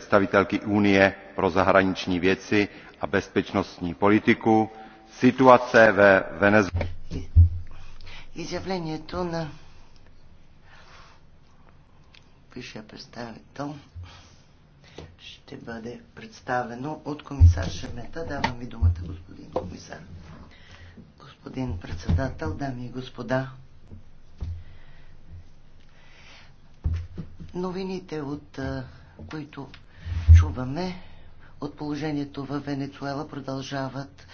představitelky unie pro zahraniční věci a bezpečnostní politiku situace ve venezuele изявлението на висшия представител ще бъде представено от комисар Шемета. Давам ви думата, господин комисар. Господин председател, дами и господа, новините, от които чуваме от положението в Венецуела продължават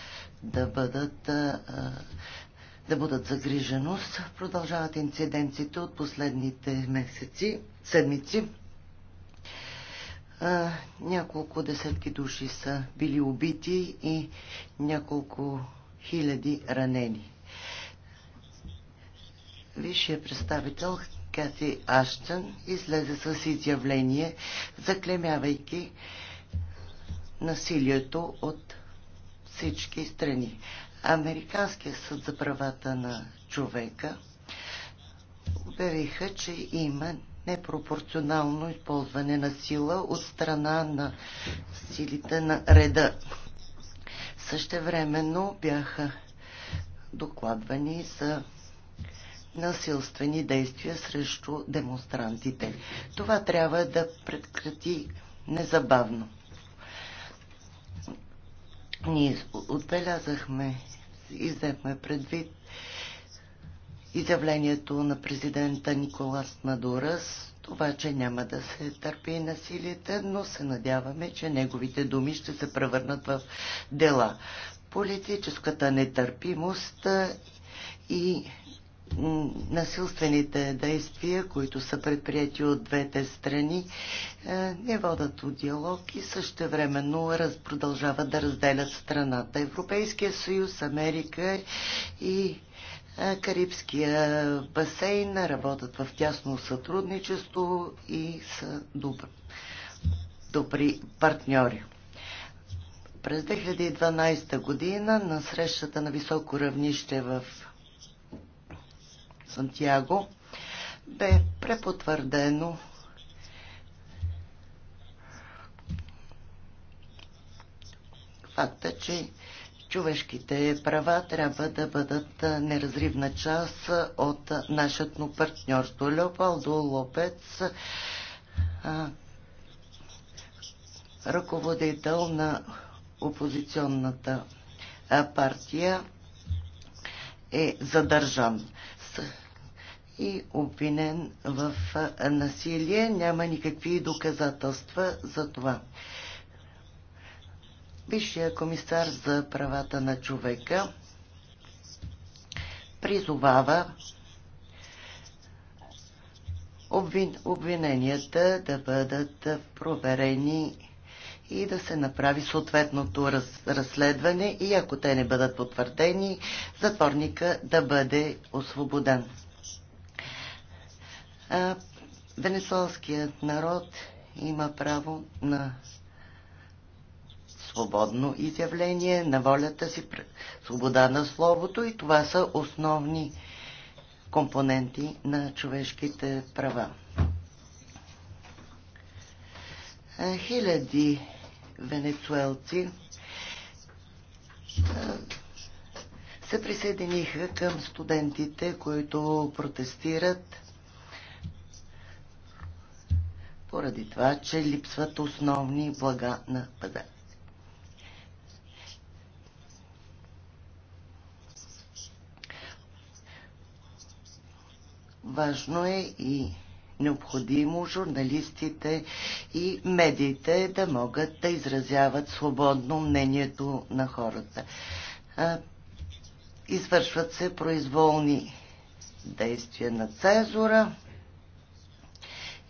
да бъдат да бъдат загриженост. Продължават инциденциите от последните месеци, седмици. няколко десетки души са били убити и няколко хиляди ранени. Висшия представител Каси Аштън излезе с изявление, заклемявайки насилието от всички страни. Американския съд за правата на човека обявиха, че има непропорционално използване на сила от страна на силите на реда. Същевременно бяха докладвани за насилствени действия срещу демонстрантите. Това трябва да прекрати незабавно. Ние отбелязахме и взехме предвид изявлението на президента Николас Мадурас, това, че няма да се търпи насилите, но се надяваме, че неговите думи ще се превърнат в дела. Политическата нетърпимост и насилствените действия, които са предприяти от двете страни, е, не водат от диалог и също времено продължават да разделят страната. Европейския съюз, Америка и е, Карибския басейн работят в тясно сътрудничество и са добри, добри партньори. През 2012 година на срещата на високо равнище в Сантьяго бе препотвърдено факта, че човешките права трябва да бъдат неразривна част от нашето партньорство. Леопалдо Лопец, ръководител на опозиционната партия, е задържан и обвинен в насилие. Няма никакви доказателства за това. Висшия комисар за правата на човека призовава обвин, обвиненията да бъдат проверени и да се направи съответното раз, разследване и ако те не бъдат потвърдени, затворника да бъде освободен. А, венесуелският народ има право на свободно изявление, на волята си, свобода на словото и това са основни компоненти на човешките права. Хиляди венецуелци се присъединиха към студентите, които протестират поради това, че липсват основни блага на пазар. Важно е и необходимо журналистите и медиите да могат да изразяват свободно мнението на хората. Извършват се произволни действия на цезура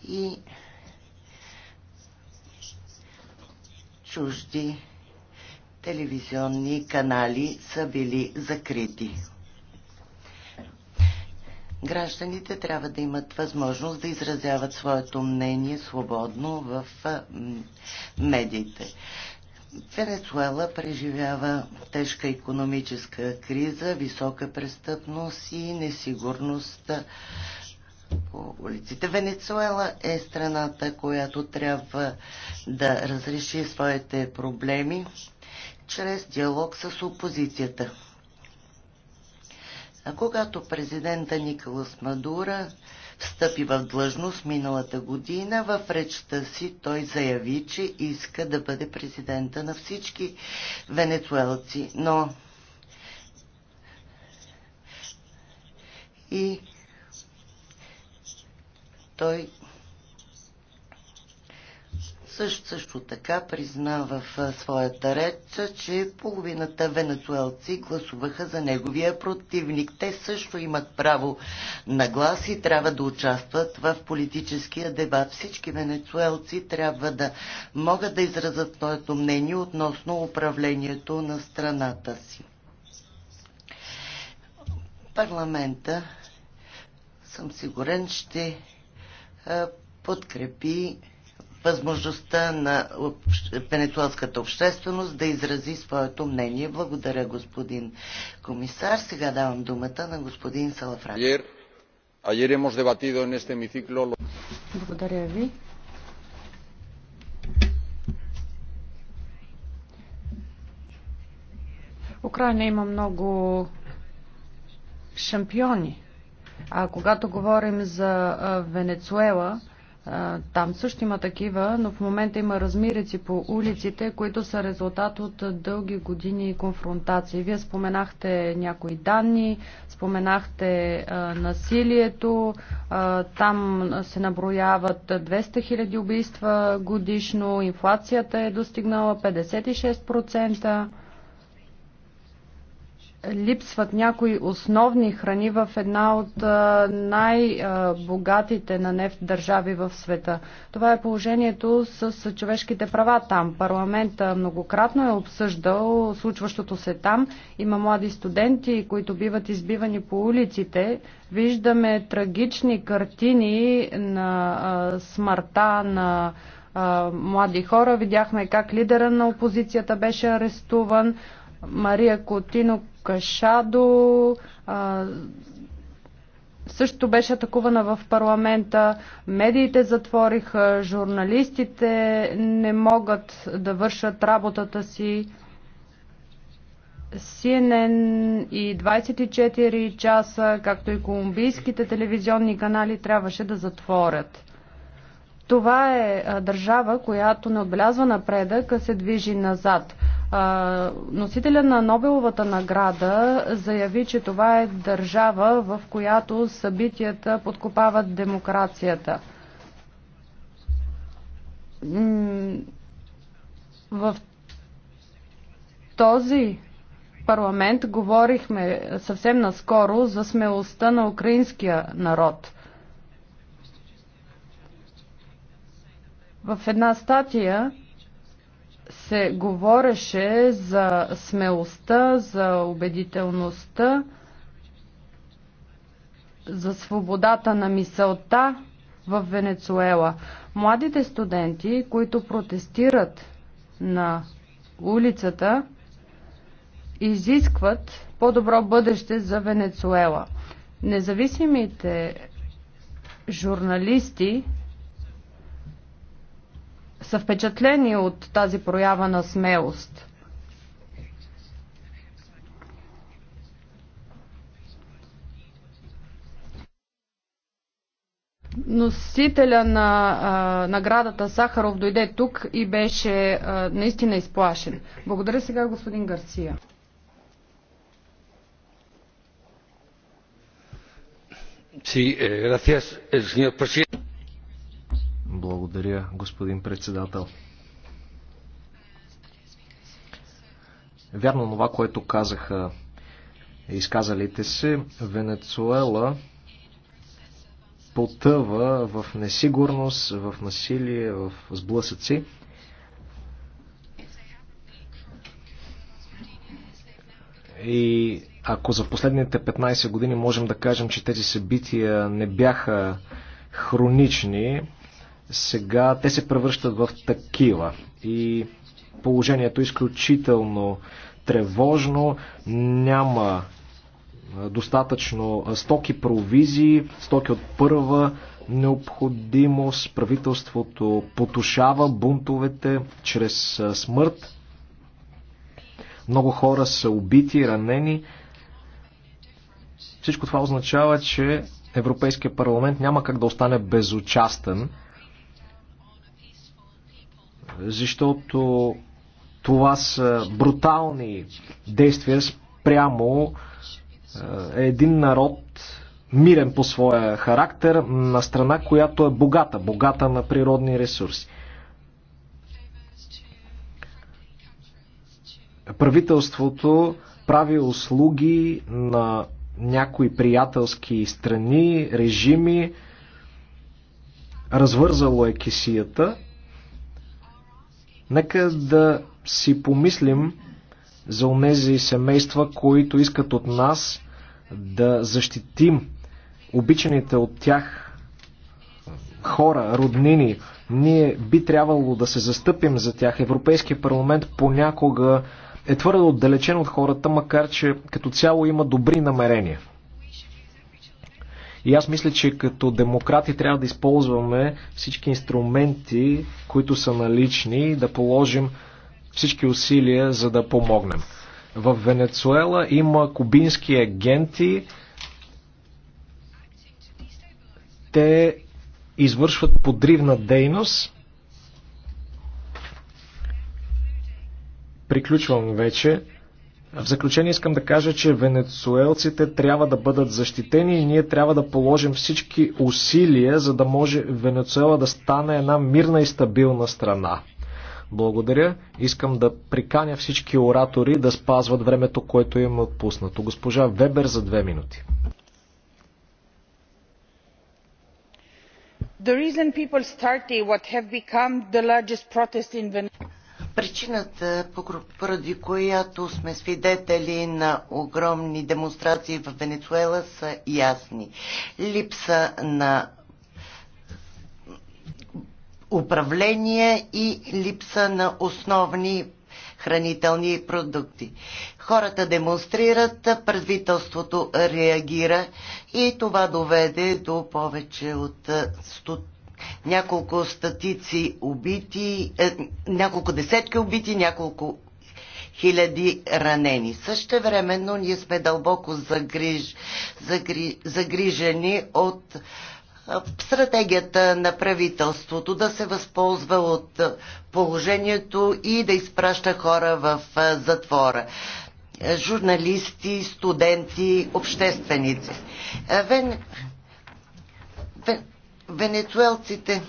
и чужди телевизионни канали са били закрити. Гражданите трябва да имат възможност да изразяват своето мнение свободно в медиите. Венецуела преживява тежка економическа криза, висока престъпност и несигурност по улиците. Венецуела е страната, която трябва да разреши своите проблеми чрез диалог с опозицията. А когато президента Николас Мадура встъпи в длъжност миналата година, в речта си той заяви, че иска да бъде президента на всички венецуелци. Но и той също, също така призна в своята реч, че половината венецуелци гласуваха за неговия противник. Те също имат право на глас и трябва да участват в политическия дебат. Всички венецуелци трябва да могат да изразят своето мнение относно управлението на страната си. Парламента, съм сигурен, ще е, подкрепи възможността на пенетуалската общественост да изрази своето мнение. Благодаря, господин комисар. Сега давам думата на господин Салафрак. Благодаря ви. Украина има много шампиони а когато говорим за Венецуела, там също има такива, но в момента има размирици по улиците, които са резултат от дълги години конфронтации. Вие споменахте някои данни, споменахте а, насилието, а, там се наброяват 200 000 убийства годишно, инфлацията е достигнала 56% липсват някои основни храни в една от най-богатите на нефт държави в света. Това е положението с човешките права там. Парламент многократно е обсъждал случващото се там. Има млади студенти, които биват избивани по улиците. Виждаме трагични картини на смъртта на млади хора. Видяхме как лидера на опозицията беше арестуван. Мария Котино Кашадо също беше атакувана в парламента, медиите затвориха, журналистите не могат да вършат работата си. CNN и 24 часа, както и колумбийските телевизионни канали трябваше да затворят. Това е държава, която не отбелязва напредък, а се движи назад. Носителя на Нобеловата награда заяви, че това е държава, в която събитията подкопават демокрацията. В този парламент говорихме съвсем наскоро за смелостта на украинския народ. В една статия се говореше за смелостта, за убедителността, за свободата на мисълта в Венецуела. Младите студенти, които протестират на улицата, изискват по-добро бъдеще за Венецуела. Независимите журналисти са впечатлени от тази проява на смелост. Носителя на а, наградата Сахаров дойде тук и беше а, наистина изплашен. Благодаря сега господин Гарсия. Sí, eh, gracias, eh, señor presidente. Благодаря, господин председател. Вярно това, което казаха изказалите се, Венецуела потъва в несигурност, в насилие, в сблъсъци. И ако за последните 15 години можем да кажем, че тези събития не бяха хронични, сега те се превръщат в такива. И положението е изключително тревожно, няма достатъчно стоки, провизии, стоки от първа необходимост. Правителството потушава бунтовете чрез смърт. Много хора са убити, ранени. Всичко това означава, че Европейския парламент няма как да остане безучастен защото това са брутални действия спрямо е, един народ, мирен по своя характер, на страна, която е богата, богата на природни ресурси. Правителството прави услуги на някои приятелски страни, режими, развързало е кисията Нека да си помислим за онези семейства, които искат от нас да защитим обичаните от тях хора, роднини. Ние би трябвало да се застъпим за тях. Европейския парламент понякога е твърде отдалечен от хората, макар че като цяло има добри намерения. И аз мисля, че като демократи трябва да използваме всички инструменти, които са налични и да положим всички усилия, за да помогнем. В Венецуела има кубински агенти. Те извършват подривна дейност. Приключвам вече. В заключение искам да кажа, че венецуелците трябва да бъдат защитени и ние трябва да положим всички усилия, за да може Венецуела да стане една мирна и стабилна страна. Благодаря. Искам да приканя всички оратори да спазват времето, което им е отпуснато. Госпожа Вебер за две минути. The reason people started what have become the largest protest in Venezuela Причината, поради която сме свидетели на огромни демонстрации в Венецуела, са ясни. Липса на управление и липса на основни хранителни продукти. Хората демонстрират, правителството реагира и това доведе до повече от 100 няколко статици убити, е, няколко десетки убити, няколко хиляди ранени. Също времено ние сме дълбоко загриж, загри, загрижени от е, стратегията на правителството да се възползва от положението и да изпраща хора в е, затвора. Е, журналисти, студенти, общественици. Вен... Вен венецуелците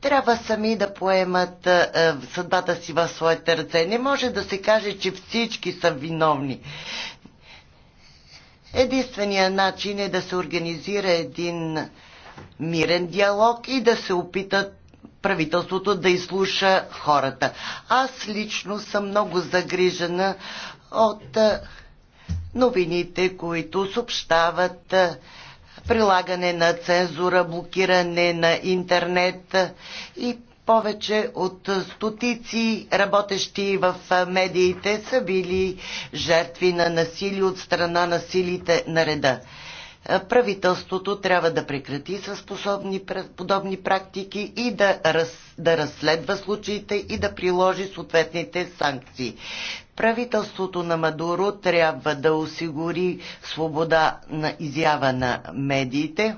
трябва сами да поемат а, съдбата си в своите ръце. Не може да се каже, че всички са виновни. Единственият начин е да се организира един мирен диалог и да се опитат правителството да изслуша хората. Аз лично съм много загрижена от новините, които съобщават прилагане на цензура, блокиране на интернет и повече от стотици работещи в медиите са били жертви на насилие от страна на силите на реда правителството трябва да прекрати с способни, подобни практики и да, раз, да разследва случаите и да приложи съответните санкции. Правителството на Мадуро трябва да осигури свобода на изява на медиите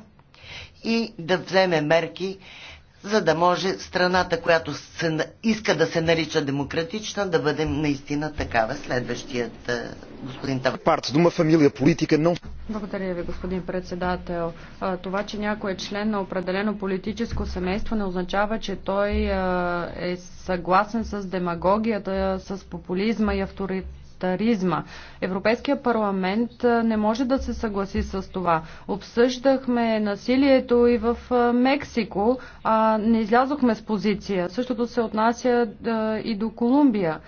и да вземе мерки за да може страната, която се, иска да се нарича демократична, да бъде наистина такава. Следващият е, господин Тавар. Парт, дума фамилия, политика, но... Благодаря ви, господин председател. Това, че някой е член на определено политическо семейство, не означава, че той е съгласен с демагогията, с популизма и авторитет парламентаризма. Европейския парламент не може да се съгласи с това. Обсъждахме насилието и в Мексико, а не излязохме с позиция. Същото се отнася и до Колумбия.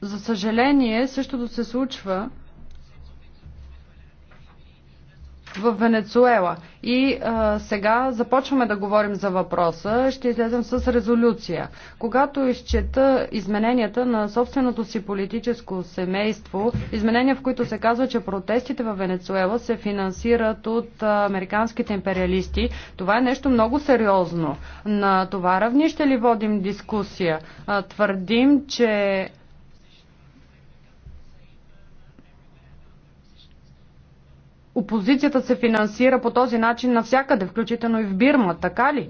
За съжаление, същото се случва в Венецуела. И а, сега започваме да говорим за въпроса. Ще излезем с резолюция. Когато изчета измененията на собственото си политическо семейство, изменения в които се казва, че протестите в Венецуела се финансират от а, американските империалисти, това е нещо много сериозно. На това равнище ли водим дискусия? А, твърдим, че опозицията се финансира по този начин навсякъде, включително и в Бирма, така ли?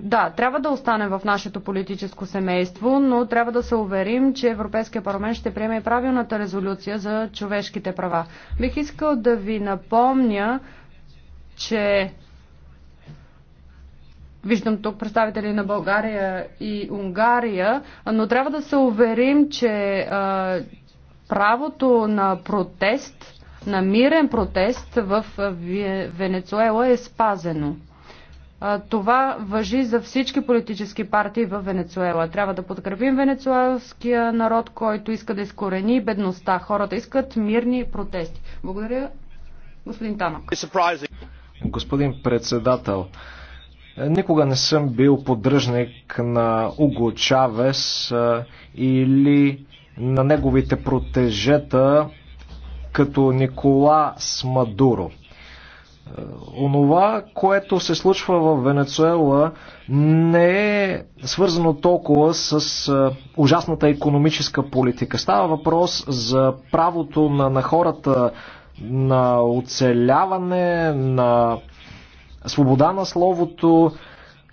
Да, трябва да остане в нашето политическо семейство, но трябва да се уверим, че Европейския парламент ще приеме и правилната резолюция за човешките права. Бих искал да ви напомня, че виждам тук представители на България и Унгария, но трябва да се уверим, че а, правото на протест на мирен протест в Венецуела е спазено. Това въжи за всички политически партии в Венецуела. Трябва да подкрепим венецуелския народ, който иска да изкорени бедността. Хората искат мирни протести. Благодаря, господин Танок. Господин председател, никога не съм бил поддръжник на Уго Чавес или на неговите протежета като Никола Смадуро. Онова, което се случва в Венецуела, не е свързано толкова с ужасната економическа политика. Става въпрос за правото на, на хората на оцеляване, на свобода на словото.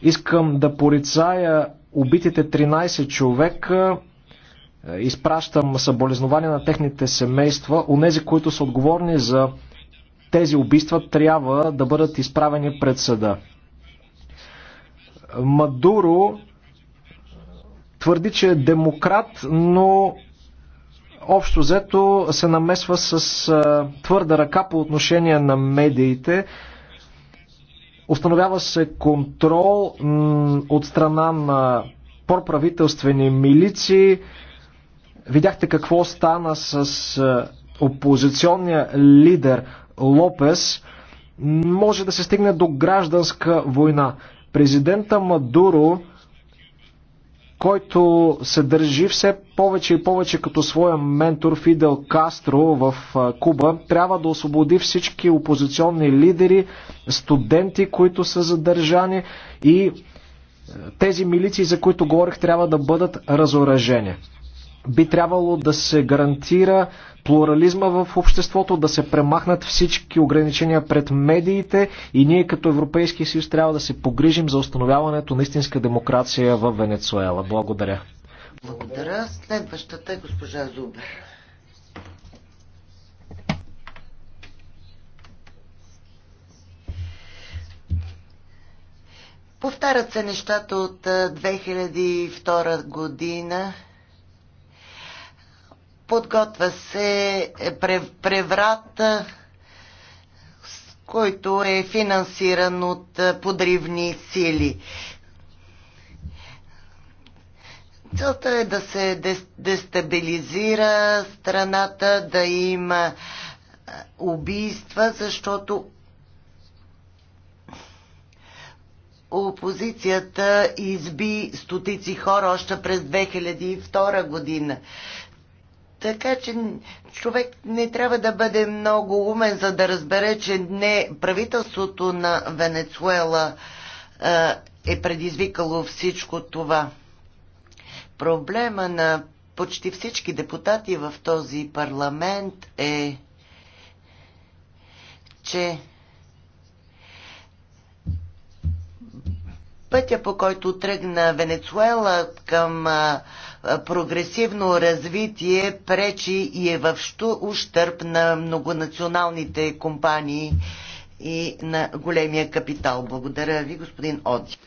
Искам да порицая убитите 13 човека е, изпращам съболезнования на техните семейства. Онези, които са отговорни за тези убийства, трябва да бъдат изправени пред съда. Мадуро твърди, че е демократ, но общо взето се намесва с е, твърда ръка по отношение на медиите. Установява се контрол от страна на проправителствени милиции. Видяхте какво стана с е, опозиционния лидер Лопес. Може да се стигне до гражданска война. Президента Мадуро, който се държи все повече и повече като своя ментор Фидел Кастро в е, Куба, трябва да освободи всички опозиционни лидери, студенти, които са задържани и е, тези милиции, за които говорих, трябва да бъдат разоръжени. Би трябвало да се гарантира плурализма в обществото, да се премахнат всички ограничения пред медиите и ние като Европейски съюз трябва да се погрижим за установяването на истинска демокрация в Венецуела. Благодаря. Благодаря. Следващата е госпожа Зубер. Повтарят се нещата от 2002 година подготвя се преврат, който е финансиран от подривни сили. Целта е да се дестабилизира страната, да има убийства, защото опозицията изби стотици хора още през 2002 година. Така че човек не трябва да бъде много умен, за да разбере, че не правителството на Венецуела е предизвикало всичко това. Проблема на почти всички депутати в този парламент е, че пътя по който тръгна Венецуела към а, прогресивно развитие пречи и е в ущърп на многонационалните компании и на големия капитал. Благодаря ви, господин Оди.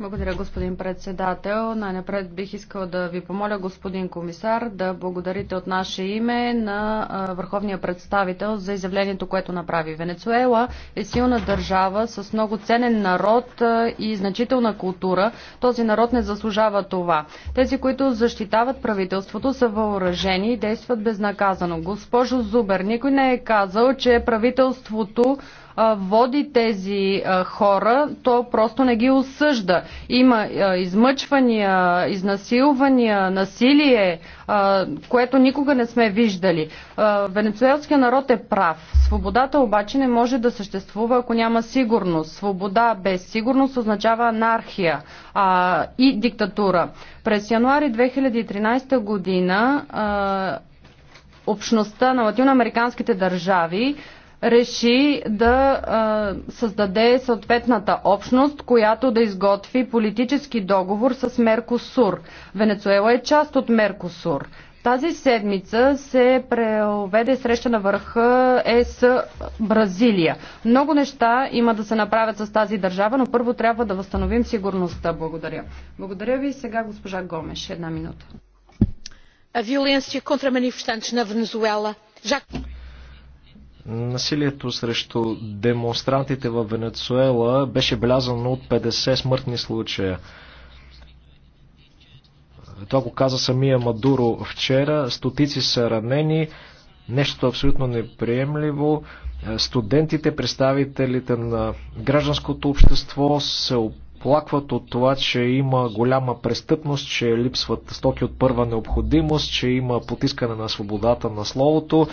Благодаря, господин председател. Най-напред бих искал да ви помоля, господин комисар, да благодарите от наше име на върховния представител за изявлението, което направи. Венецуела е силна държава с много ценен народ и значителна култура. Този народ не заслужава това. Тези, които защитават правителството, са въоръжени и действат безнаказано. Госпожо Зубер, никой не е казал, че правителството води тези хора, то просто не ги осъжда. Има измъчвания, изнасилвания, насилие, което никога не сме виждали. Венецуелския народ е прав. Свободата обаче не може да съществува, ако няма сигурност. Свобода без сигурност означава анархия а, и диктатура. През януари 2013 година а, общността на латиноамериканските държави реши да а, създаде съответната общност, която да изготви политически договор с Меркосур. Венецуела е част от Меркосур. Тази седмица се преведе среща на върха ЕС Бразилия. Много неща има да се направят с тази държава, но първо трябва да възстановим сигурността. Благодаря. Благодаря ви. Сега госпожа Гомеш. Една минута. A violência contra manifestantes na Venezuela já Насилието срещу демонстрантите в Венецуела беше белязано от 50 смъртни случая. Това го каза самия Мадуро вчера. Стотици са ранени. Нещо абсолютно неприемливо. Студентите, представителите на гражданското общество се опитват оплакват от това, че има голяма престъпност, че липсват стоки от първа необходимост, че има потискане на свободата на словото.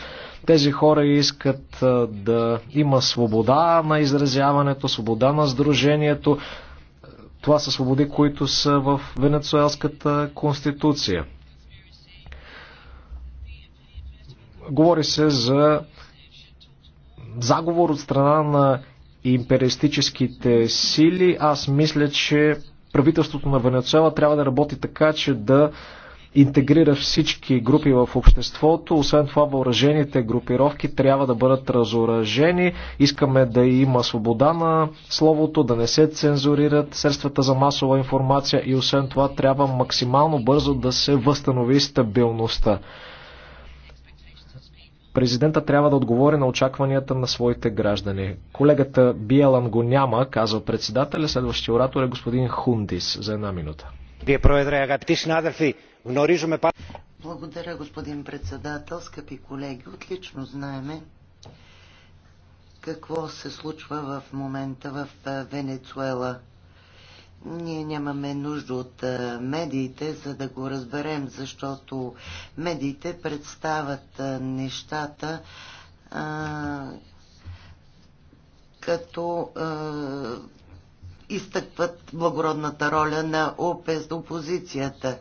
Тези хора искат да има свобода на изразяването, свобода на сдружението. Това са свободи, които са в Венецуелската конституция. Говори се за заговор от страна на империалистическите сили, аз мисля, че правителството на Венецуела трябва да работи така, че да интегрира всички групи в обществото. Освен това, въоръжените групировки трябва да бъдат разоръжени. Искаме да има свобода на словото, да не се цензурират средствата за масова информация и освен това трябва максимално бързо да се възстанови стабилността. Президента трябва да отговори на очакванията на своите граждани. Колегата Биелан го няма, казва председателя. Следващия оратор е господин Хундис за една минута. Благодаря, господин председател, скъпи колеги. Отлично знаеме какво се случва в момента в Венецуела. Ние нямаме нужда от медиите, за да го разберем, защото медиите представят нещата а, като а, изтъкват благородната роля на ОПЕС, опозицията.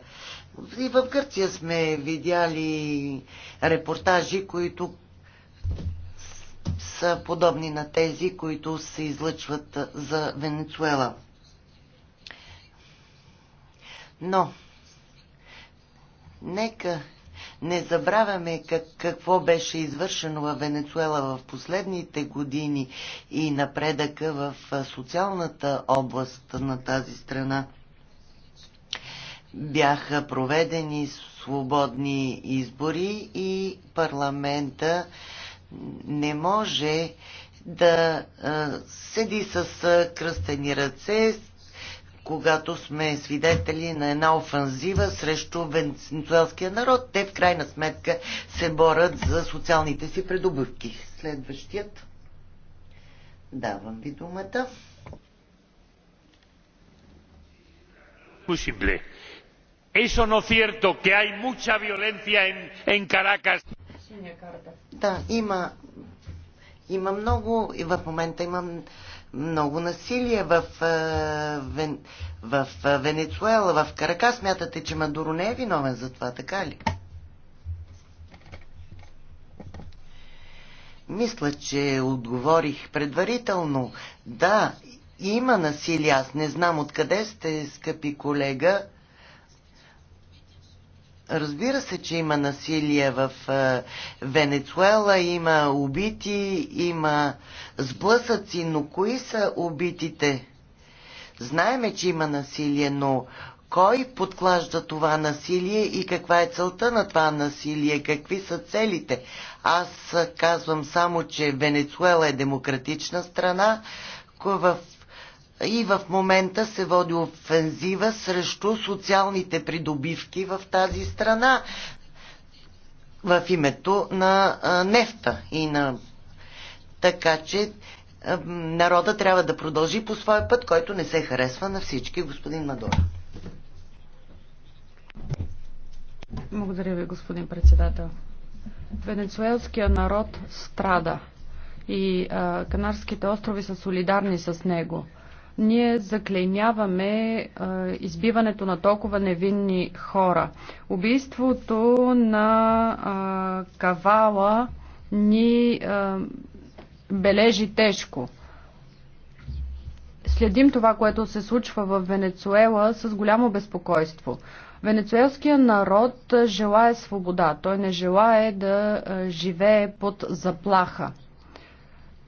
И в Гърция сме видяли репортажи, които са подобни на тези, които се излъчват за Венецуела. Но, нека не забравяме как, какво беше извършено в Венецуела в последните години и напредъка в социалната област на тази страна. Бяха проведени свободни избори и парламента не може да седи с кръстени ръце, когато сме свидетели на една офанзива срещу венецуелския народ. Те в крайна сметка се борят за социалните си предобивки. Следващият. Давам ви думата. Eso no cierto que hay mucha violencia en, en Caracas. Да, има, има много и в момента имам много насилие в, в, в Венецуела, в Карака. Смятате, че Мадуро не е виновен за това, така ли? Мисля, че отговорих предварително. Да, има насилие. Аз не знам откъде сте, скъпи колега. Разбира се, че има насилие в е, Венецуела, има убити, има сблъсъци, но кои са убитите? Знаеме, че има насилие, но кой подклажда това насилие и каква е целта на това насилие, какви са целите. Аз казвам само, че Венецуела е демократична страна, в и в момента се води офензива срещу социалните придобивки в тази страна в името на нефта и на... Така че народа трябва да продължи по своя път, който не се харесва на всички, господин Мадор. Благодаря ви, господин председател. Венецуелския народ страда и а, Канарските острови са солидарни с него ние заклеймяваме а, избиването на толкова невинни хора. Убийството на а, Кавала ни а, бележи тежко. Следим това, което се случва в Венецуела с голямо безпокойство. Венецуелския народ желая свобода. Той не желая да живее под заплаха.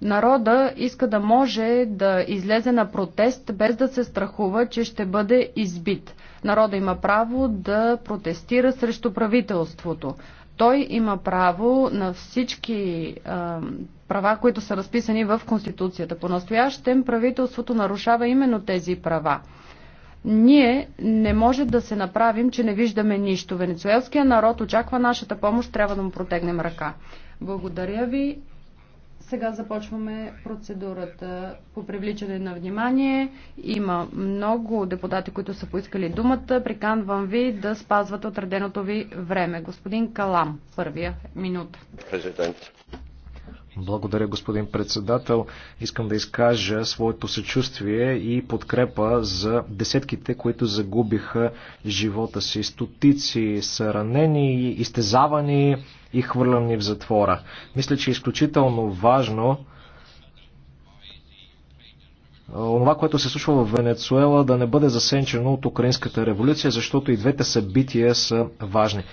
Народа иска да може да излезе на протест без да се страхува, че ще бъде избит. Народа има право да протестира срещу правителството. Той има право на всички е, права, които са разписани в Конституцията. По-настоящем правителството нарушава именно тези права ние не може да се направим, че не виждаме нищо. Венецуелския народ очаква нашата помощ, трябва да му протегнем ръка. Благодаря ви. Сега започваме процедурата по привличане на внимание. Има много депутати, които са поискали думата. Приканвам ви да спазвате отреденото ви време. Господин Калам, първия минута. Президент. Благодаря, господин председател. Искам да изкажа своето съчувствие и подкрепа за десетките, които загубиха живота си. Стотици са ранени, изтезавани и хвърляни в затвора. Мисля, че е изключително важно онова, което се случва в Венецуела, да не бъде засенчено от Украинската революция, защото и двете събития са важни.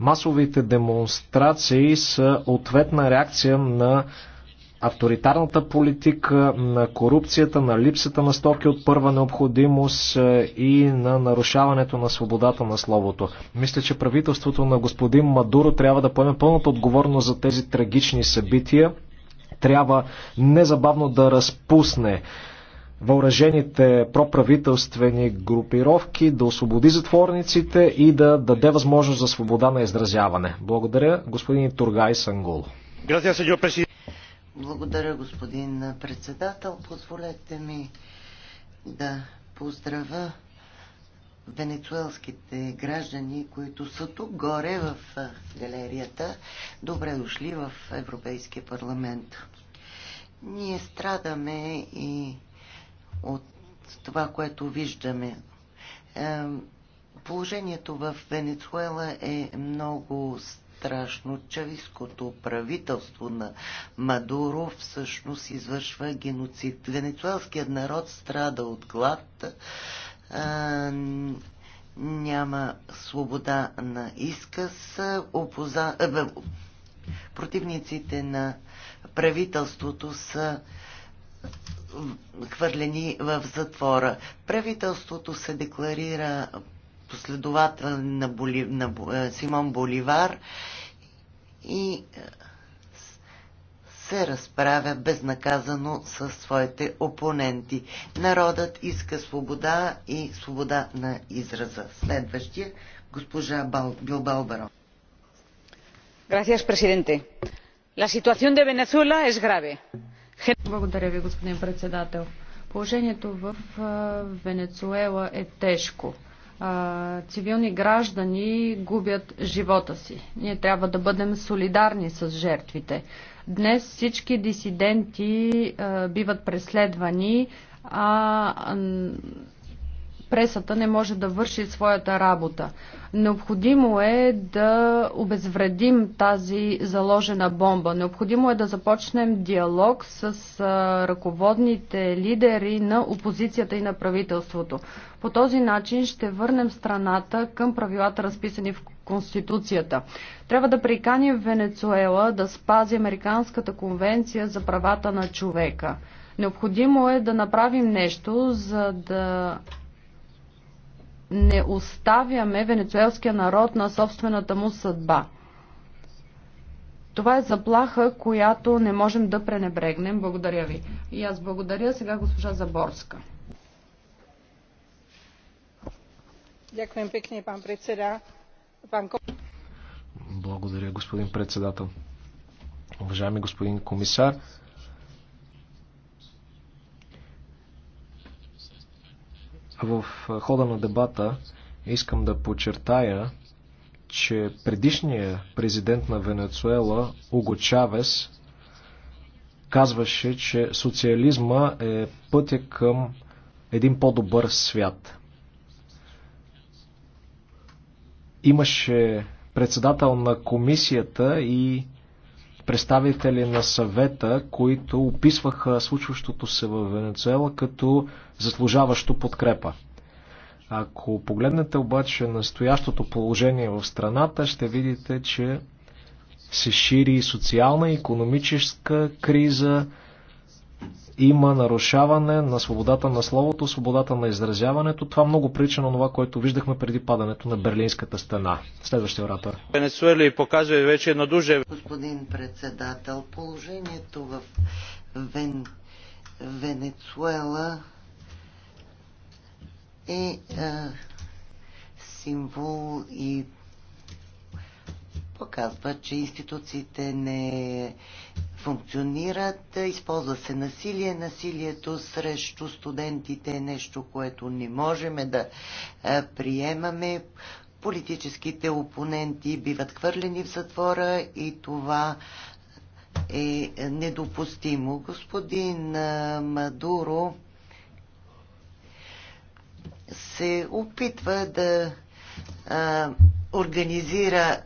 Масовите демонстрации са ответна реакция на авторитарната политика, на корупцията, на липсата на стоки от първа необходимост е, и на нарушаването на свободата на словото. Мисля, че правителството на господин Мадуро трябва да поеме пълната отговорност за тези трагични събития. Трябва незабавно да разпусне въоръжените проправителствени групировки, да освободи затворниците и да даде възможност за свобода на изразяване. Благодаря, господин Тургай Сангул. Благодаря, господин председател. Позволете ми да поздравя венецуелските граждани, които са тук горе в галерията. Добре дошли в Европейския парламент. Ние страдаме и от това, което виждаме. Е, положението в Венецуела е много страшно. Чавиското правителство на Мадуро всъщност извършва геноцид. Венецуелският народ страда от глад, е, няма свобода на изказ, опоза... Е, противниците на правителството са хвърлени в затвора. Правителството се декларира последовател на, Боли, на е, Симон Боливар и е, се разправя безнаказано със своите опоненти. Народът иска свобода и свобода на израза. Следващия госпожа Бал, Билбал Барон. Gracias, presidente. La situación de Venezuela es grave. Благодаря ви, господин председател. Положението в Венецуела е тежко. Цивилни граждани губят живота си. Ние трябва да бъдем солидарни с жертвите. Днес всички дисиденти биват преследвани, а пресата не може да върши своята работа. Необходимо е да обезвредим тази заложена бомба. Необходимо е да започнем диалог с ръководните лидери на опозицията и на правителството. По този начин ще върнем страната към правилата, разписани в Конституцията. Трябва да приканим Венецуела да спази Американската конвенция за правата на човека. Необходимо е да направим нещо, за да не оставяме венецуелския народ на собствената му съдба. Това е заплаха, която не можем да пренебрегнем. Благодаря ви. И аз благодаря сега госпожа Заборска. Благодаря, господин председател. Уважаеми господин комисар, В хода на дебата искам да подчертая, че предишният президент на Венецуела, Уго Чавес, казваше, че социализма е пътя към един по-добър свят. Имаше председател на комисията и представители на съвета, които описваха случващото се в Венецуела като заслужаващо подкрепа. Ако погледнете обаче настоящото положение в страната, ще видите, че се шири социална и економическа криза, има нарушаване на свободата на словото, свободата на изразяването. Това много прилича на това, което виждахме преди падането на Берлинската стена. Следващия оратор. Венесуели показва вече едно дуже... Господин председател, положението в Вен... Венецуела е, е символ и показва, че институциите не функционират, използва се насилие. Насилието срещу студентите е нещо, което не можем да приемаме. Политическите опоненти биват хвърлени в затвора и това е недопустимо. Господин Мадуро се опитва да организира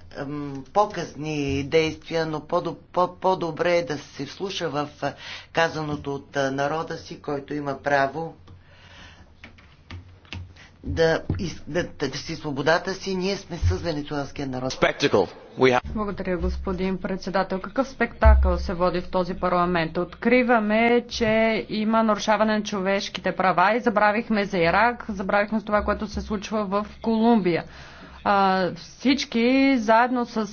показни действия, но по-добре е да се вслуша в казаното от народа си, който има право да, да, да си свободата си. Ние сме с венецуелския народ. Благодаря, господин председател. Какъв спектакъл се води в този парламент? Откриваме, че има нарушаване на човешките права и забравихме за Ирак, забравихме за това, което се случва в Колумбия всички заедно с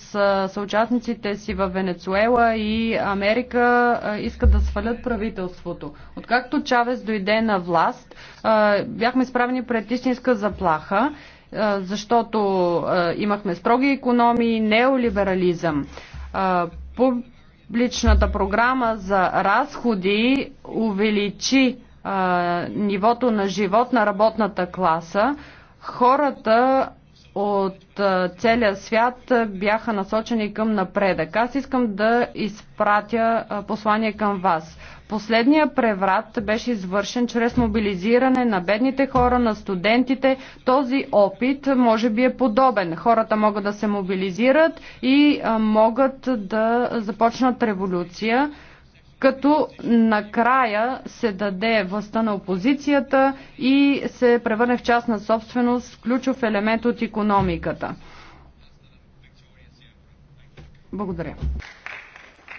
съучастниците си в Венецуела и Америка искат да свалят правителството. Откакто Чавес дойде на власт, бяхме изправени пред истинска заплаха, защото имахме строги економии, неолиберализъм. Публичната програма за разходи увеличи нивото на живот на работната класа, хората от целия свят бяха насочени към напредък. Аз искам да изпратя послание към вас. Последния преврат беше извършен чрез мобилизиране на бедните хора, на студентите. Този опит може би е подобен. Хората могат да се мобилизират и могат да започнат революция като накрая се даде властта на опозицията и се превърне в частна собственост, ключов елемент от економиката. Благодаря.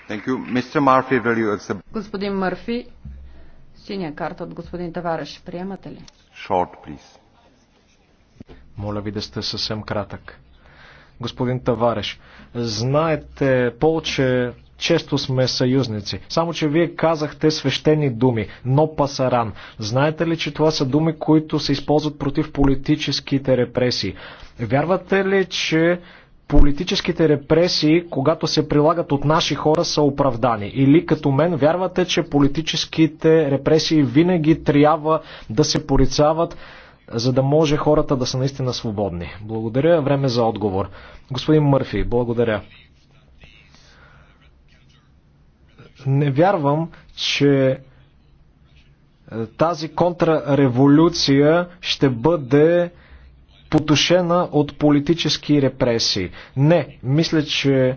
Murphy, господин Мърфи, синя карта от господин Тавареш, приемате ли? Short, please. Моля ви да сте съвсем кратък. Господин Тавареш, знаете повече често сме съюзници. Само, че вие казахте свещени думи, но пасаран. Знаете ли, че това са думи, които се използват против политическите репресии? Вярвате ли, че политическите репресии, когато се прилагат от наши хора, са оправдани? Или като мен вярвате, че политическите репресии винаги трябва да се порицават, за да може хората да са наистина свободни? Благодаря. Време за отговор. Господин Мърфи, благодаря. не вярвам, че е, тази контрреволюция ще бъде потушена от политически репресии. Не, мисля, че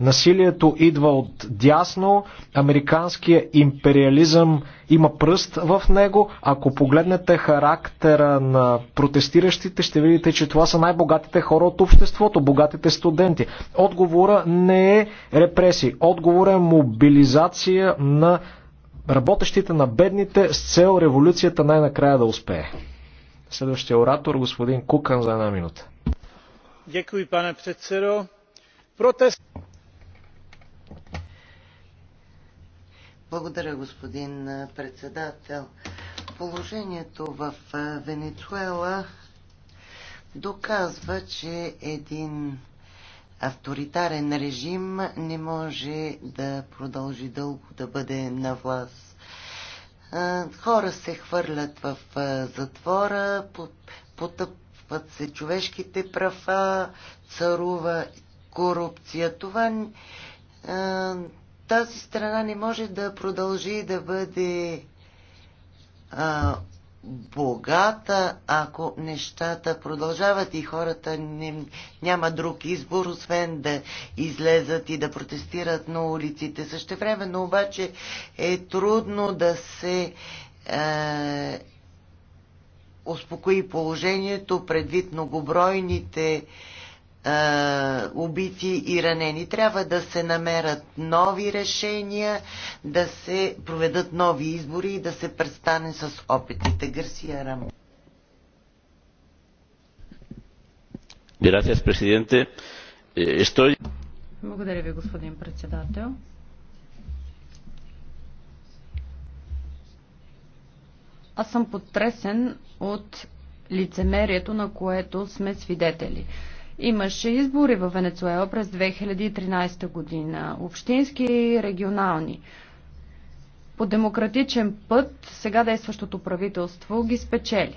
Насилието идва от дясно, американския империализъм има пръст в него. Ако погледнете характера на протестиращите, ще видите, че това са най-богатите хора от обществото, богатите студенти. Отговора не е репресии, отговора е мобилизация на работещите на бедните с цел революцията най-накрая да успее. Следващия оратор, господин Кукан, за една минута. Дякую, пане председо. Протест... Благодаря, господин председател. Положението в Венецуела доказва, че един авторитарен режим не може да продължи дълго да бъде на власт. Хора се хвърлят в затвора, потъпват се човешките права, царува корупция. Това тази страна не може да продължи да бъде а, богата, ако нещата продължават и хората не, няма друг избор, освен да излезат и да протестират на улиците. Също време, но обаче е трудно да се а, е, успокои положението предвид многобройните А, е, убити и ранени. Трябва да се намерят нови решения, да се проведат нови избори и да се престане с опитите. Гарсия Рамо. Е, Благодаря ви, господин председател. Аз съм потресен от лицемерието, на което сме свидетели. Имаше избори в Венецуела през 2013 година, общински и регионални. По демократичен път сега действащото правителство ги спечели.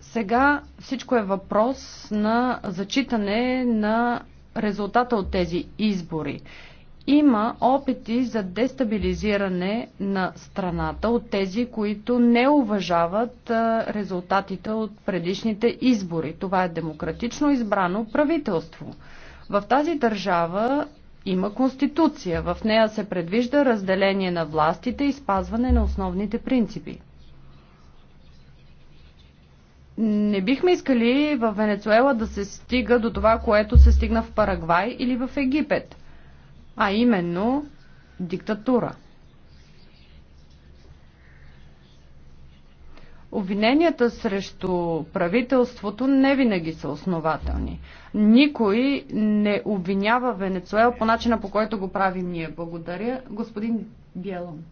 Сега всичко е въпрос на зачитане на резултата от тези избори. Има опити за дестабилизиране на страната от тези, които не уважават резултатите от предишните избори. Това е демократично избрано правителство. В тази държава има конституция. В нея се предвижда разделение на властите и спазване на основните принципи. Не бихме искали в Венецуела да се стига до това, което се стигна в Парагвай или в Египет а именно диктатура. Обвиненията срещу правителството не винаги са основателни. Никой не обвинява Венецуел по начина по който го правим ние. Благодаря. Господин Биелон.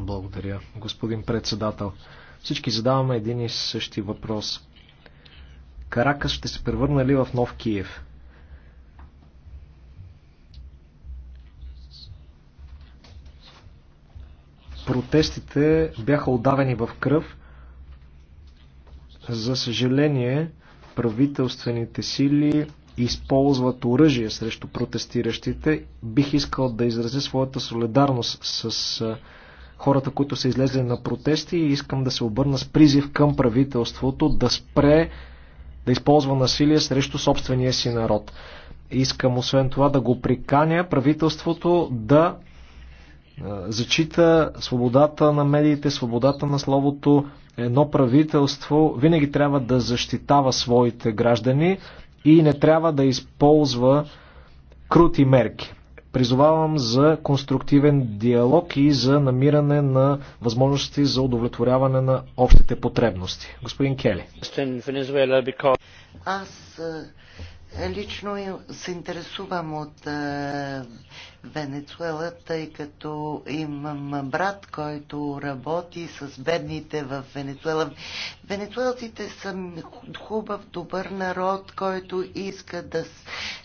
Благодаря, господин председател. Всички задаваме един и същи въпрос. Каракас ще се превърна ли в нов Киев? Протестите бяха отдавени в кръв. За съжаление, правителствените сили използват оръжие срещу протестиращите. Бих искал да изразя своята солидарност с хората, които са излезли на протести и искам да се обърна с призив към правителството да спре да използва насилие срещу собствения си народ. Искам освен това да го приканя правителството да зачита свободата на медиите, свободата на словото. Едно правителство винаги трябва да защитава своите граждани и не трябва да използва крути мерки. Призовавам за конструктивен диалог и за намиране на възможности за удовлетворяване на общите потребности. Господин Кели. Аз Лично се интересувам от е, Венецуела, тъй като имам брат, който работи с бедните в Венецуела. Венецуелците са хубав, добър народ, който иска да,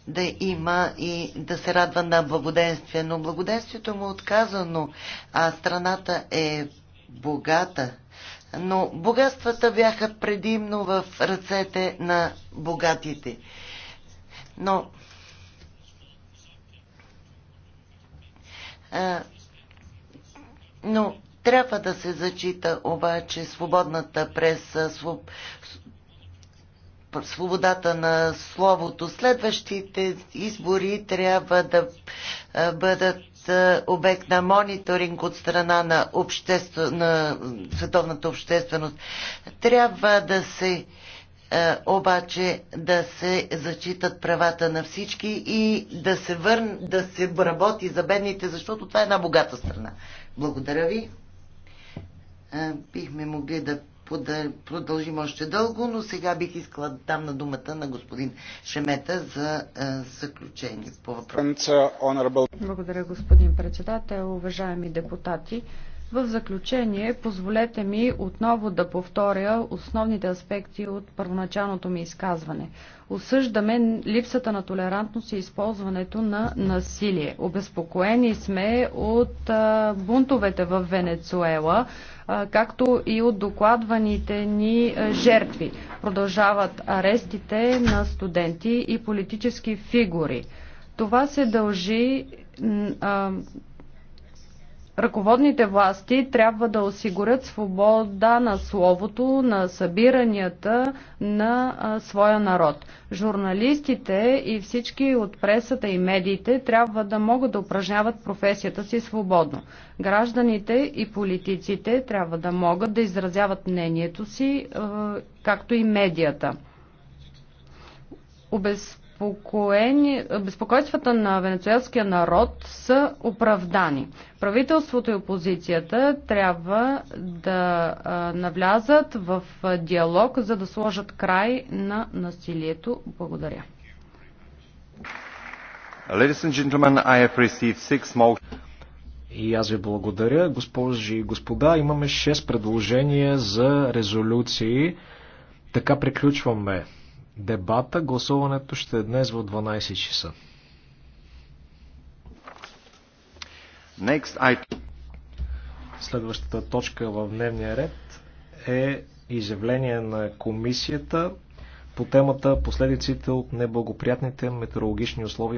да има и да се радва на благоденствие, но благоденствието му е отказано, а страната е богата но богатствата бяха предимно в ръцете на богатите. Но но трябва да се зачита обаче свободната през своб... свободата на словото. Следващите избори трябва да бъдат обект на мониторинг от страна на, обществ... на световната общественост. Трябва да се е, обаче да се зачитат правата на всички и да се, върн, да се работи за бедните, защото това е една богата страна. Благодаря ви. Е, бихме могли да продължим още дълго, но сега бих искала да дам на думата на господин Шемета за е, заключение по въпроса. Uh, Благодаря, господин председател, уважаеми депутати. В заключение, позволете ми отново да повторя основните аспекти от първоначалното ми изказване. Осъждаме липсата на толерантност и използването на насилие. Обезпокоени сме от бунтовете в Венецуела, както и от докладваните ни жертви. Продължават арестите на студенти и политически фигури. Това се дължи ръководните власти трябва да осигурят свобода на словото, на събиранията на а, своя народ. Журналистите и всички от пресата и медиите трябва да могат да упражняват професията си свободно. Гражданите и политиците трябва да могат да изразяват мнението си, а, както и медията безпокойствата на венецуелския народ са оправдани. Правителството и опозицията трябва да навлязат в диалог, за да сложат край на насилието. Благодаря. И аз ви благодаря. Госпожи и господа, имаме 6 предложения за резолюции. Така приключваме дебата. Гласуването ще е днес в 12 часа. Next item. Следващата точка в дневния ред е изявление на комисията по темата последиците от неблагоприятните метеорологични условия